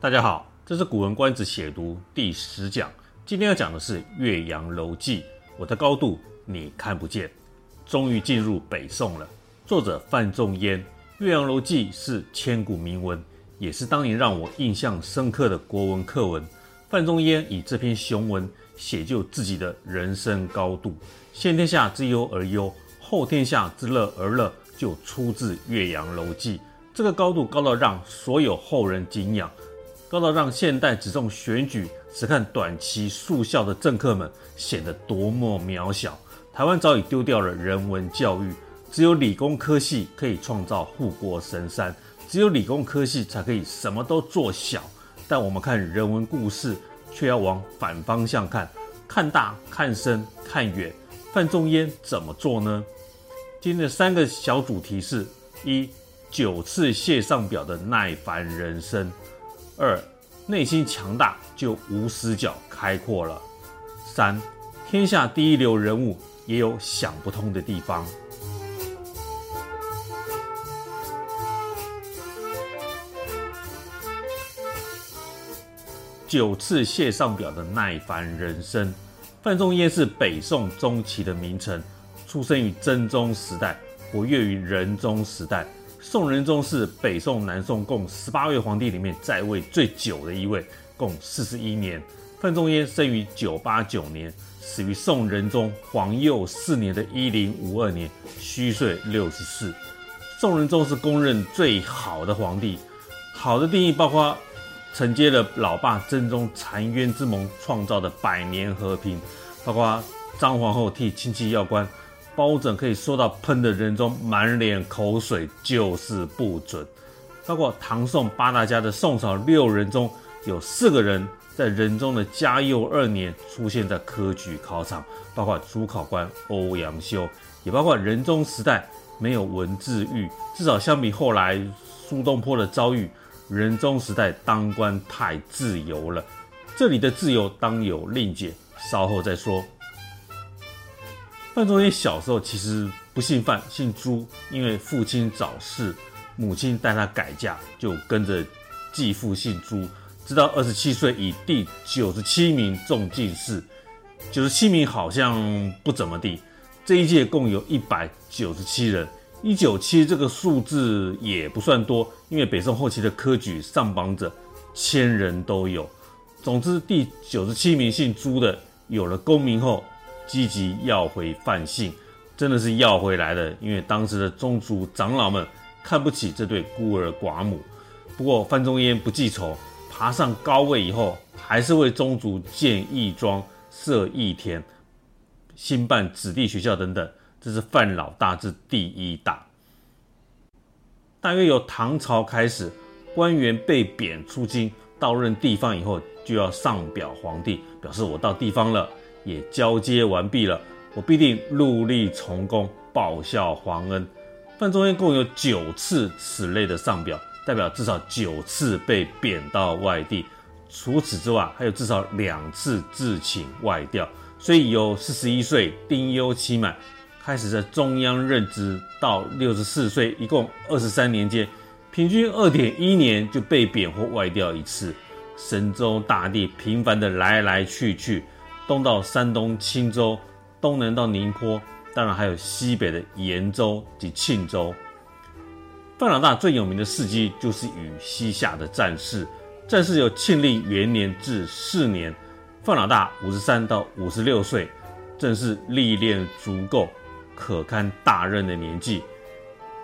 大家好，這是《古文觀止》寫讀第十講。今天要講的是《岳陽樓記》，我的高度你看不見。終於進入北宋了，作者范仲淹，《岳陽樓記》是千古名文，也是當年讓我印象深刻的國文課文。范仲淹以這篇雄文寫就自己的人生高度：“先天下之憂而憂，後天下之樂而樂”，就出自《岳陽樓記》。這個高度高到讓所有後人景仰。高到讓現代只重選舉、只看短期速效的政客們顯得多麼渺小。台灣早已丟掉了人文教育，只有理工科系可以創造護國神山，只有理工科系才可以什麼都做小。但我們看人文故事，卻要往反方向看，看大、看深、看遠。范仲淹怎麼做呢？今天的三個小主題是：一、九次謝上表的耐煩人生。二、內心強大就無死角，開闊了。三、天下第一流人物也有想不通的地方。九次謝上表的耐煩人生。范仲淹是北宋中期的名臣，出生於真宗時代，活躍於仁宗時代。宋仁宗是北宋、南宋共十八位皇帝裡面，在位最久的一位，共四十一年。范仲淹生於九八九年，死於宋仁宗皇佑四年的一零五二年，虛歲六十四。宋仁宗是公認最好的皇帝，好的定義包括承接了老爸真宗澶淵之盟創造的百年和平，包括張皇后替親戚要官。包拯可以說到噴的仁宗滿臉口水，就是不准。包括唐宋八大家的宋朝六人中，有四個人在仁宗的嘉佑二年出現在科舉考場，包括主考官歐陽修，也包括仁宗時代沒有文字獄，至少相比後來蘇東坡的遭遇，仁宗時代當官太自由了。這裡的自由當有另解，稍後再說。范仲淹小時候其實不姓范，姓朱，因為父親早逝，母親帶他改嫁，就跟着繼父姓朱，直到二十七歲以第九十七名中進士。九十七名好像不怎麼地，這一屆共有一百九十七人，一九七這個數字也不算多，因為北宋後期的科舉上榜者千人都有。總之，第九十七名姓朱的有了功名後。積極要回范姓，真的是要回來的。因為當時的宗族長老們看不起這對孤兒寡母。不過范仲淹不記仇，爬上高位以後，還是為宗族建義莊、設義田、興辦子弟學校等等。這是范老大之第一大。大約由唐朝開始，官員被貶出京，到任地方以後，就要上表皇帝，表示我到地方了。也交接完畢了，我必定戮力從公，報效皇恩。范仲淹共有九次此類的上表，代表至少九次被貶到外地。除此之外，還有至少兩次自請外調。所以由41歲，由四十一歲丁憂期滿開始在中央任職，到六十四歲，一共二十三年間，平均二點一年就被貶或外調一次。神州大地頻繁的來來去去。東到山東青州，東南到寧波，當然還有西北的延州及慶州。范老大最有名的事蹟就是與西夏的戰事，戰事有慶曆元年至四年，范老大五十三到五十六歲，正是歷練足夠、可堪大任的年紀。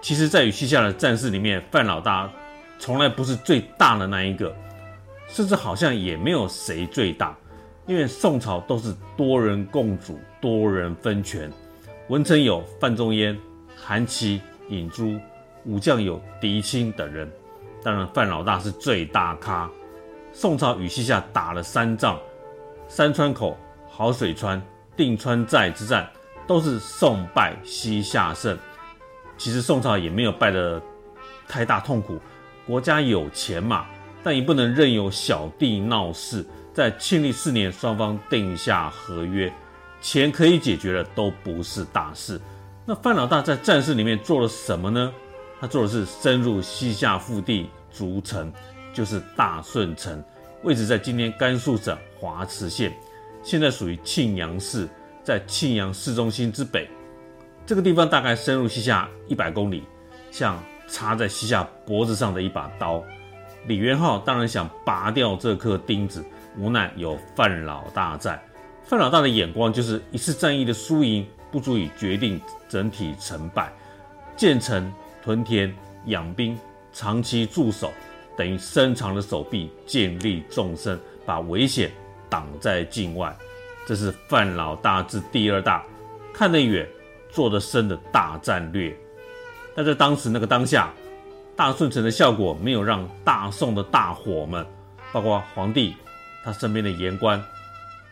其實，在與西夏的戰事裡面，范老大從來不是最大的那一個，甚至好像也沒有誰最大。因為宋朝都是多人共主、多人分權，文臣有范仲淹、韓琦、尹洙，武將有狄青等人。當然，范老大是最大咖。宋朝與西夏打了三仗：三川口、好水川、定川寨之戰，都是宋敗西夏勝。其實宋朝也沒有敗得太大痛苦，國家有錢嘛，但也不能任由小弟鬧事。在慶曆四年，雙方定下合約，錢可以解決的都不是大事。那范老大在戰事裡面做了什麼呢？他做的是深入西夏腹地，築城，就是大順城，位置在今天甘肅省華池縣，現在屬於慶陽市，在慶陽市中心之北。這個地方大概深入西夏一百公里，像插在西夏脖子上的一把刀。李元昊當然想拔掉這顆釘子。無奈有范老大在，范老大的眼光就是一次戰役的輸贏不足以決定整體成敗，建城屯田養兵，長期駐守，等於伸長了手臂，建立縱深，把危險擋在境外。這是范老大之第二大，看得遠，做得深的大戰略。但在當時那個當下，大順城的效果沒有讓大宋的大夥們，包括皇帝，他身邊的言官，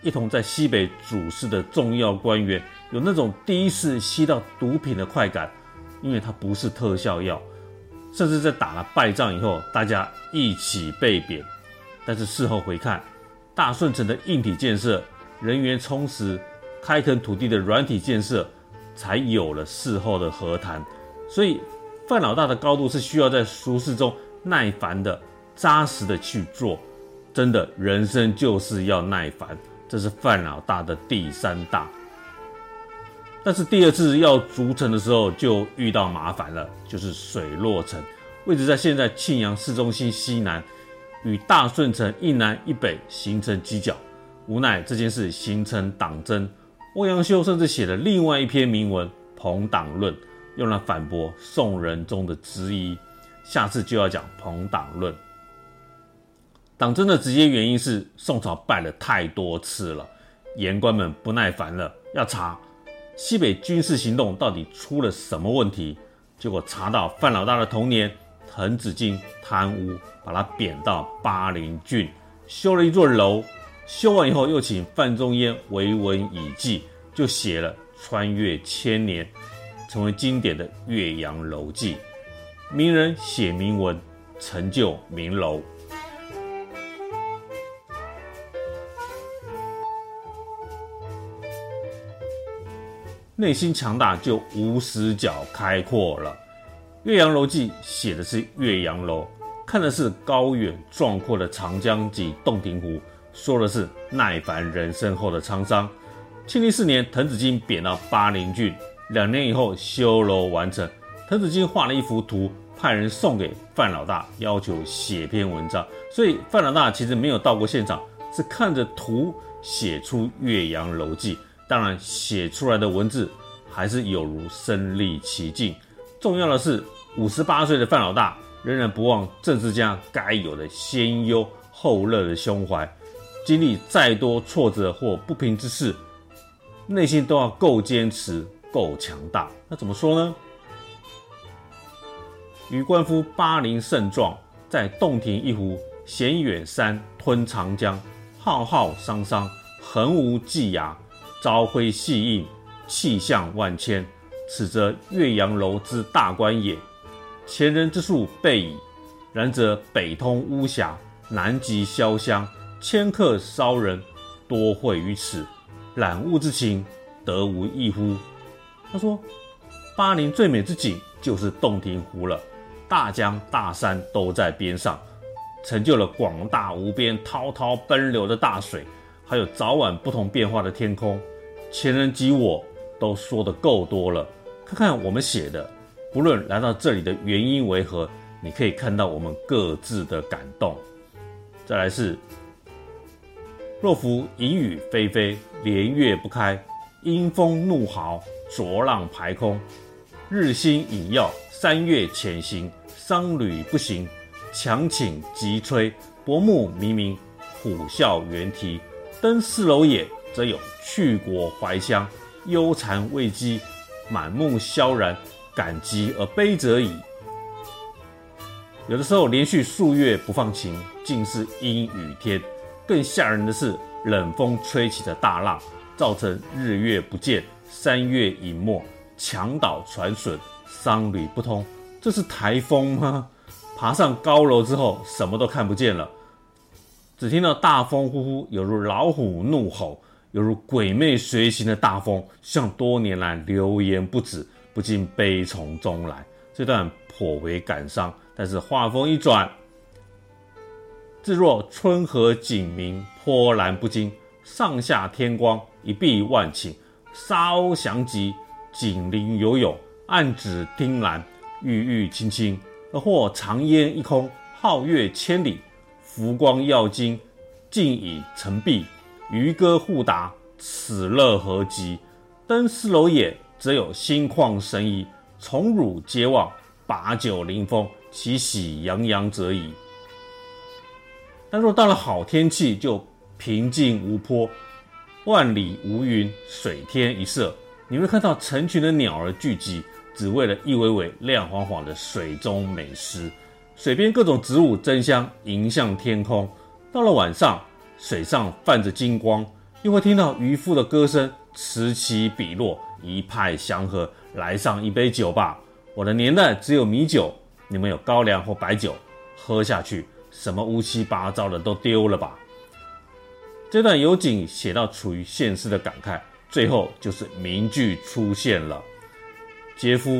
一同在西北主事的重要官員，有那種第一次吸到毒品的快感，因為他不是特效藥，甚至在打了敗仗以後，大家一起被貶。但是事後回看，大順城的硬體建設，人員充實，開墾土地的軟體建設，才有了事後的和談。所以范老大的高度是需要在俗世中耐煩的、扎實的去做。真的，人生就是要耐煩，這是范老大的第三大。但是第二次要築城的時候，就遇到麻煩了，就是水洛城，位置在現在慶陽市中心西南，與大順城一南一北，形成犄角。無奈這件事形成黨爭，歐陽修甚至寫了另外一篇名文《朋黨論》，用來反駁宋仁宗的質疑。下次就要講《朋黨論》。黨爭的直接原因是宋朝敗了太多次了，言官們不耐煩了，要查西北軍事行動到底出了什麼問題。結果查到范老大的同年滕子京貪污，把他貶到巴陵郡，修了一座樓，修完以後又請范仲淹為文以記，就寫了穿越千年成為經典的《岳陽樓記》。名人寫名文，成就名樓。內心強大就無死角開闊了。岳陽樓記寫的是岳陽樓，看的是高遠壯闊的長江及洞庭湖，說的是耐煩人生後的滄桑。慶曆四年，滕子京貶到巴陵郡，兩年以後修樓完成。滕子京畫了一幅圖，派人送給范老大，要求寫篇文章。所以范老大其實沒有到過現場，是看着圖寫出岳陽樓記。當然，寫出來的文字還是有如身歷其境。重要的是，五十八歲的范老大仍然不忘政治家該有的先憂後樂的胸懷。經歷再多挫折或不平之事，內心都要夠堅，夠堅持、夠強大。那怎麼說呢？予觀夫巴陵勝狀，在洞庭一湖，銜遠山，吞長江，浩浩湯湯，橫無際涯。朝暉夕映，氣象萬千，此則岳陽樓之大觀也。前人之述備矣。然則北通巫峽，南極瀟湘，遷客騷人多會於此，覽物之情，得無異乎？他說，巴陵最美之景就是洞庭湖了，大江大山都在邊上，成就了廣大無邊、滔滔奔流的大水。還有早晚不同變化的天空，前人及我都說的夠多了。看看我們寫的，不論來到這裡的原因為何，你可以看到我們各自的感動。再來是：若夫淫雨霏霏，連月不開，陰風怒號，濁浪排空，日星隱曜，山嶽潛形，商旅不行，檣傾楫摧，薄暮冥冥，虎嘯猿啼。登斯樓也，則有去國懷鄉，憂讒畏譏，滿目蕭然，感極而悲者矣。有的時候連續數月不放晴，盡是陰雨天。更嚇人的是，冷風吹起的大浪，造成日月不見，山嶽隱沒，牆倒船損，商旅不通。這是台風嗎？爬上高樓之後，什麼都看不見了。只聽到大風呼呼，有如老虎怒吼，猶如鬼魅隨行的大風，像多年來流言不止，不禁悲從中來。這段頗為感傷，但是畫風一轉，至若春和景明，波瀾不驚，上下天光，一碧萬頃，沙鷗翔集，錦鱗游泳，岸芷汀蘭，郁郁青青。而或長煙一空，皓月千里。浮光耀金，靜影沉璧，漁歌互答，此樂何極！登斯樓也，則有心曠神怡，寵辱偕忘，把酒臨風，其喜洋洋者矣。但若到了好天氣，就平靜無波，萬里無雲，水天一色，你會看到成群的鳥兒聚集，只為了一尾尾亮晃晃的水中美食。水邊各種植物爭香，迎向天空。到了晚上，水上泛着金光，又會聽到漁夫的歌聲，此起彼落，一派祥和。來上一杯酒吧，我的年代只有米酒，你們有高粱或白酒，喝下去什麼烏七八糟的都丟了吧。這段遊景寫到處於現世的感慨，最後就是名句出現了：“嗟夫，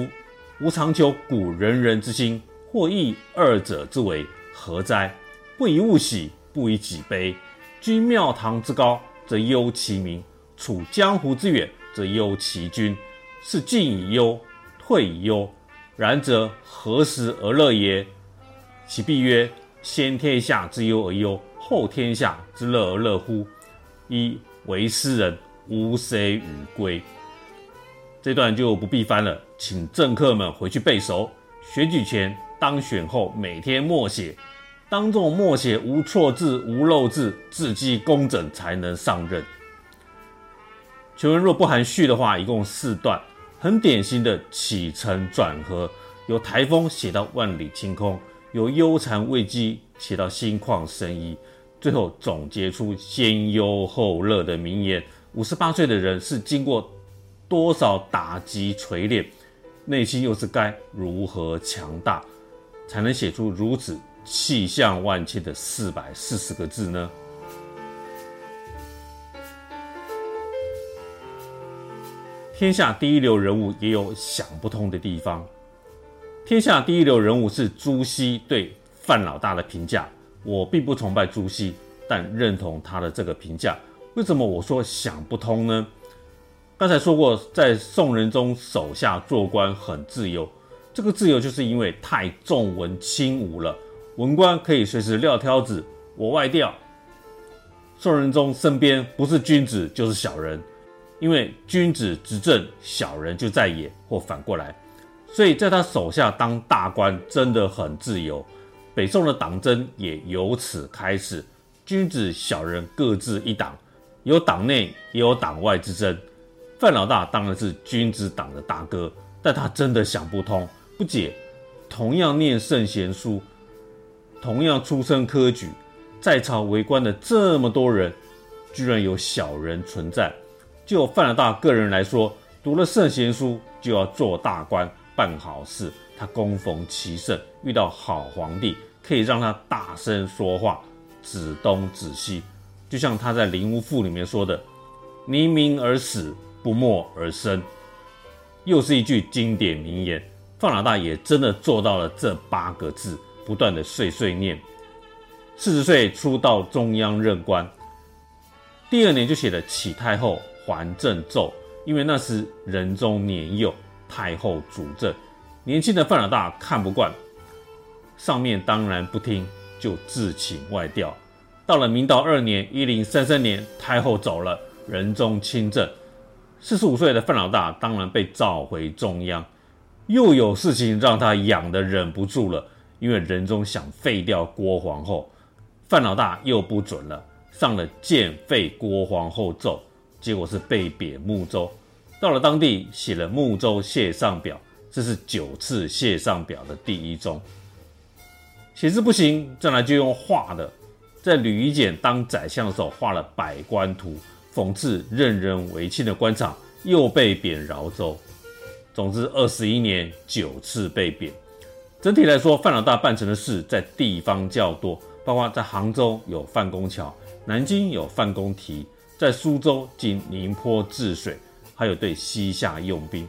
予嘗求古仁人，人之心。”或異二者之為何哉？不以物喜，不以己悲。居廟堂之高則憂其民，處江湖之遠則憂其君。是進亦憂，退亦憂。然則何時而樂耶？其必曰：先天下之憂而憂，後天下之樂而樂乎？噫，微斯人，吾誰與歸？這段就不必翻了，請政客們回去背熟，選舉前。當選後每天默寫，當眾默寫無錯字無漏字，字跡工整才能上任。全文若不含序的話，一共四段，很典型的起承轉合，由台風寫到萬里晴空，由憂讒畏譏寫到心曠神怡，最後總結出先憂後樂的名言。五十八歲的人是經過多少打擊錘鍊，內心又是該如何強大？才能寫出如此氣象萬千的四百四十個字呢？天下第一流人物也有想不通的地方。天下第一流人物是朱熹對范老大的評價。我並不崇拜朱熹，但認同他的這個評價。為什麼我說想不通呢？剛才說過，在宋仁宗手下做官很自由。這個自由就是因為太重文輕武了，文官可以隨時撂挑子，我外調。宋仁宗身邊不是君子就是小人，因為君子執政，小人就在野或反過來，所以在他手下當大官真的很自由。北宋的黨爭也由此開始，君子小人各自一黨，有黨內也有黨外之爭。范老大當然是君子黨的大哥，但他真的想不通。不解，同樣念聖賢書，同樣出身科舉，在朝為官的這麼多人，居然有小人存在。就范老大個人來說，讀了聖賢書就要做大官辦好事。他恭逢其盛，遇到好皇帝，可以讓他大聲說話，指東指西。就像他在《靈烏賦》裡面說的：“寧鳴而死，不默而生。”又是一句經典名言。范老大也真的做到了這八個字，不斷的碎碎念。四十歲初到中央任官，第二年就寫了啟太后還政奏，因為那時仁宗年幼，太后主政，年輕的范老大看不慣，上面當然不聽，就自請外調。到了明道二年（一零三三年），太后走了，仁宗親政，四十五歲的范老大當然被召回中央。又有事情讓他癢的忍不住了，因為仁宗想廢掉郭皇後，范老大又不准了，上了諫廢郭皇后奏，結果是被貶睦州，到了當地寫了睦州謝上表，這是九次謝上表的第一宗。寫字不行，再來就用畫的，在呂夷簡當宰相的時候畫了百官圖，諷刺任人唯親的官場，又被貶饒州。總之，二十一年九次被貶。整體來說，范老大辦成的事在地方較多，包括在杭州有范公橋，南京有范公堤，在蘇州、經寧波治水，還有對西夏用兵。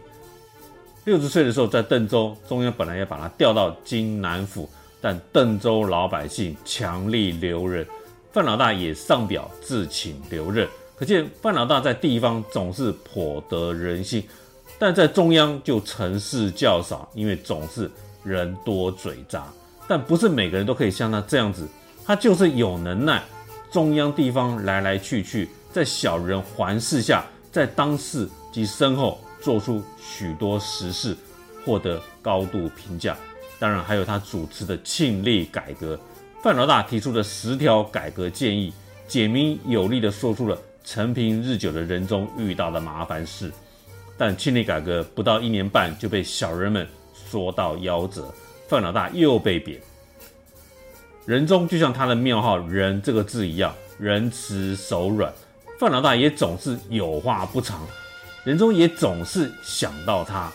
六十歲的時候，在鄧州，中央本來要把他調到京南府，但鄧州老百姓強力留人，范老大也上表自請留任。可見范老大在地方總是頗得人心。但在中央就成事較少，因為總是人多嘴雜。但不是每個人都可以像他這樣子，他就是有能耐。中央地方來來去去，在小人環視下，在當世及身後做出許多實事，獲得高度評價。當然，還有他主持的慶曆改革，范老大提出的十條改革建議，簡明有力地說出了承平日久的仁宗遇到的麻煩事。但慶曆改革不到一年半就被小人們說到夭折，范老大又被貶。仁宗就像他的廟號“仁”這個字一樣，仁慈手軟。范老大也總是有話不長，仁宗也總是想到他，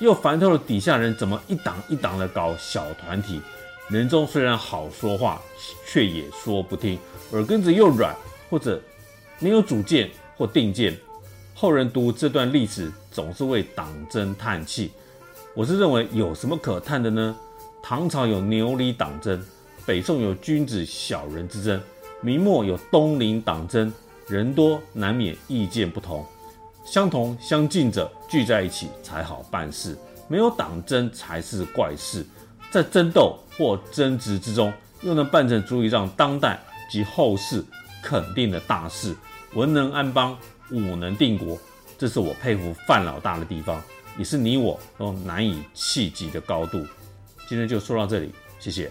又煩透了底下人怎麼一黨一黨的搞小團體。仁宗雖然好說話，卻也說不聽，耳根子又軟，或者沒有主見或定見。後人讀這段歷史，總是為黨爭嘆氣。我是認為有什麼可嘆的呢？唐朝有牛李黨爭，北宋有君子小人之爭，明末有東林黨爭，人多難免意見不同，相同相近者聚在一起才好辦事。沒有黨爭才是怪事。在爭鬥或爭執之中，又能辦成足以讓當代及後世肯定的大事，文能安邦。武能定國，這是我佩服范老大的地方，也是你我都難以企及的高度。今天就說到這裡，謝謝。